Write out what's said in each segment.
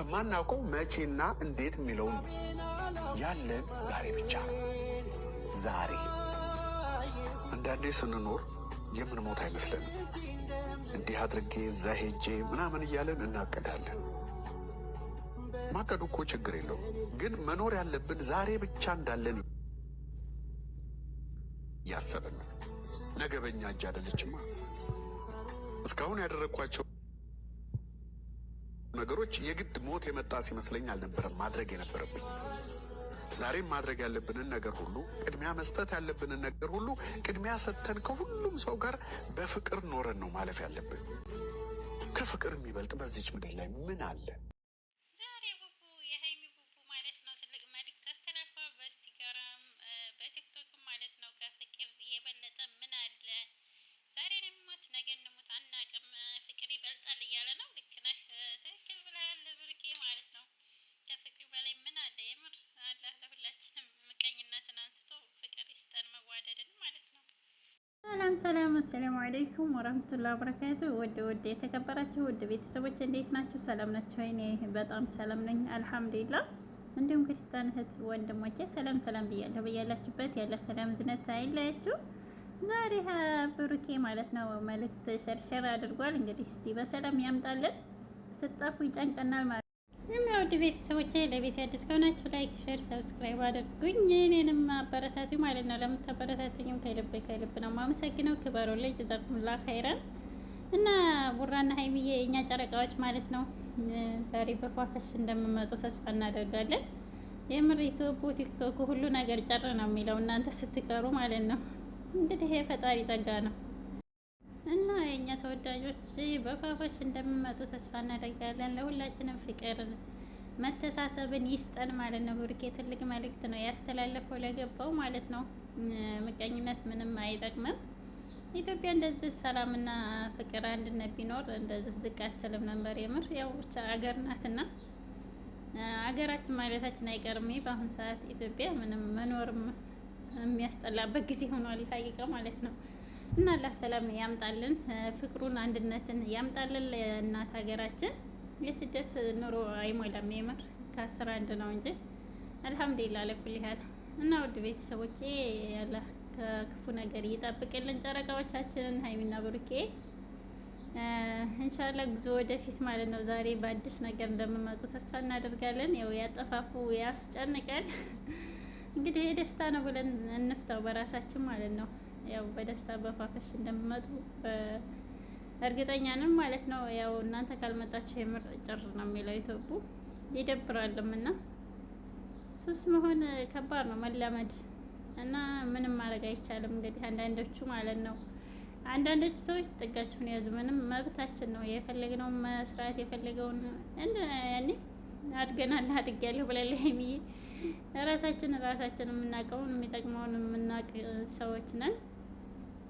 የማናውቀው መቼና እንዴት የሚለውን ያለን ዛሬ ብቻ ነው። ዛሬ አንዳንዴ ስንኖር የምንሞት አይመስለንም። እንዲህ አድርጌ እዛ ሄጄ ምናምን እያለን እናቅዳለን። ማቀዱ እኮ ችግር የለውም፣ ግን መኖር ያለብን ዛሬ ብቻ እንዳለን እያሰብን ነገ በኛ እጅ አይደለችማ። እስካሁን ያደረግኳቸው ነገሮች የግድ ሞት የመጣ ሲመስለኝ አልነበረም ማድረግ የነበረብኝ። ዛሬም ማድረግ ያለብንን ነገር ሁሉ ቅድሚያ መስጠት ያለብንን ነገር ሁሉ ቅድሚያ ሰጥተን ከሁሉም ሰው ጋር በፍቅር ኖረን ነው ማለፍ ያለብን። ከፍቅር የሚበልጥ በዚች ምድር ላይ ምን አለ? ሰላም አሰላሙ አለይኩም ወረህመቱላሂ ወበረካቱ። ውድ ውድ የተከበራችሁ ውድ ቤተሰቦች እንዴት ናችሁ? ሰላም ናችሁ? እኔ በጣም ሰላም ነኝ አልሐምዱሊላህ። እንዲሁም ክርስቲያን እህት ወንድሞቼ ሰላም ሰላም ብያለሁ። በያላችሁበት ያለ ሰላም ዝነት አይለያችሁ። ዛሬ ብሩኬ ማለት ነው መልእክት ሸርሸር አድርጓል። እንግዲህ እስቲ በሰላም ያምጣልን። ስጠፉ ይጨንቀናል ማለት የሚያወድ ቤተሰቦቼ ለቤት አዲስ ከሆናችሁ ላይክ፣ ሼር፣ ሰብስክራይብ አድርጉኝ እኔንም አበረታቱኝ ማለት ነው። ለምታበረታቱኝም ከልብ ከልብ ነው ማመሰግነው። ክበሮ ላይ ጀዛኩምላ ኸይረን እና ቡራና ሀይሚዬ እኛ ጨረቃዎች ማለት ነው ዛሬ በፏፈሽ እንደምመጡ ተስፋ እናደርጋለን። የምር ዩቱብ፣ ቲክቶክ ሁሉ ነገር ጨር ነው የሚለው እናንተ ስትቀሩ ማለት ነው። እንግዲህ የፈጣሪ ጸጋ ነው። እና የእኛ ተወዳጆች በፋፎች እንደሚመጡ ተስፋ እናደርጋለን። ለሁላችንም ፍቅር መተሳሰብን ይስጠን ማለት ነው። ብሩኬ ትልቅ መልእክት ነው ያስተላለፈው ለገባው ማለት ነው። ምቀኝነት ምንም አይጠቅምም። ኢትዮጵያ እንደዚህ ሰላምና ፍቅር አንድነት ቢኖር እንደዚህ ዝቅ አትልም ነበር። የምር ያው ብቻ አገር ናትና አገራችን ማለታችን አይቀርም። በአሁን ሰዓት ኢትዮጵያ ምንም መኖርም የሚያስጠላበት ጊዜ ሆኗል። ሀቂቃ ማለት ነው። እና አላህ ሰላም ያምጣልን፣ ፍቅሩን አንድነትን ያምጣልን ለእናት ሀገራችን። የስደት ኑሮ አይሞላም የምር ከአስር አንድ ነው እንጂ አልሐምዱሊላ ለኩል ያህል እና ውድ ቤተሰቦቼ አላህ ከክፉ ነገር ይጠብቅልን። ጨረቃዎቻችንን ሀይሚና ብሩኬ እንሻላ ጉዞ ወደፊት ማለት ነው። ዛሬ በአዲስ ነገር እንደምመጡ ተስፋ እናደርጋለን። ያው ያጠፋፉ ያስጨንቃል እንግዲህ የደስታ ነው ብለን እንፍታው በራሳችን ማለት ነው። ያው በደስታ በፋፈሽ እንደሚመጡ እርግጠኛ ነን ማለት ነው። ያው እናንተ ካልመጣችሁ የምር ጭር ነው የሚለው ኢትዮጵ ይደብራልም እና ሱስ መሆን ከባድ ነው መላመድ እና ምንም ማድረግ አይቻልም። እንግዲህ አንዳንዶቹ ማለት ነው አንዳንዶቹ ሰዎች ጥጋችሁን ያዙ። ምንም መብታችን ነው የፈለግነውን መስራት የፈለገውን እኔ አድገናል አድጌያለሁ ብላለ ሀይሚዬ። ራሳችን ራሳችን የምናውቀውን የሚጠቅመውን የምናውቅ ሰዎች ነን።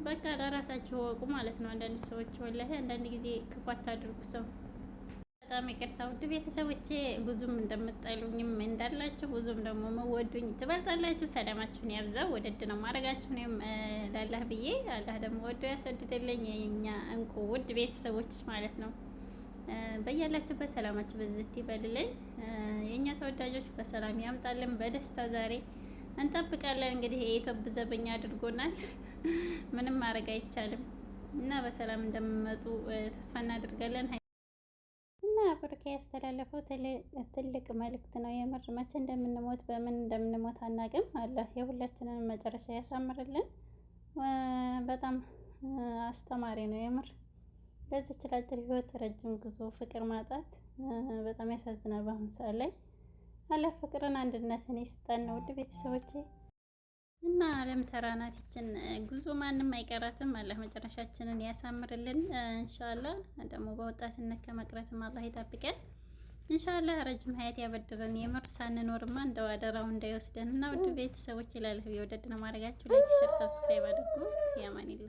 በቃ ለራሳቸው ወቁ ማለት ነው። አንዳንድ ሰዎች ወላሂ አንዳንድ ጊዜ ክፉ አታድርጉ ሰው። በጣም ይቅርታ ውድ ቤተሰቦቼ፣ ብዙም እንደምጠሉኝም እንዳላችሁ ብዙም ደግሞ መወዱኝ ትበልጣላችሁ። ሰላማችሁን ያብዛው። ወደድ ነው ማድረጋችሁ እኔም ላላህ ብዬ አላህ ደግሞ ወዶ ያሰድድልኝ የኛ እንቁ ውድ ቤተሰቦች ማለት ነው። በያላችሁበት ሰላማችሁ በዝት ይበልልኝ። የእኛ ተወዳጆች በሰላም ያምጣልን በደስታ ዛሬ እንጠብቃለን። እንግዲህ የኢትዮጵ ዘበኛ አድርጎናል። ምንም ማድረግ አይቻልም እና በሰላም እንደምመጡ ተስፋ እናደርጋለን። እና ብሩኬ ያስተላለፈው ትልቅ መልእክት ነው። የምር መቼ እንደምንሞት በምን እንደምንሞት አናቅም። አለ። የሁላችንን መጨረሻ ያሳምርልን። በጣም አስተማሪ ነው የምር ለዚች አጭር ህይወት ረጅም ጉዞ ፍቅር ማጣት በጣም ያሳዝናል በአሁኑ ሰዓት ላይ አለ ፍቅርን አንድነትን ይስጠን ነው ውድ ቤተሰቦቼ እና አለም ተራናት ይችን ጉዞ ማንም አይቀራትም። አላህ መጨረሻችንን ያሳምርልን እንሻላ። ደግሞ በወጣትነት ከመቅረትም አላህ ይጠብቀን እንሻላ። ረጅም ሀያት ያበድረን። የምር ሳንኖርማ እንደው አደራው እንዳይወስደን እና ውድ ቤተሰቦች ይላለሁ የወደድነው ማድረጋችሁ ላይክ፣ ሸር ሰብስክራይብ አድርጉ። ያማኒላ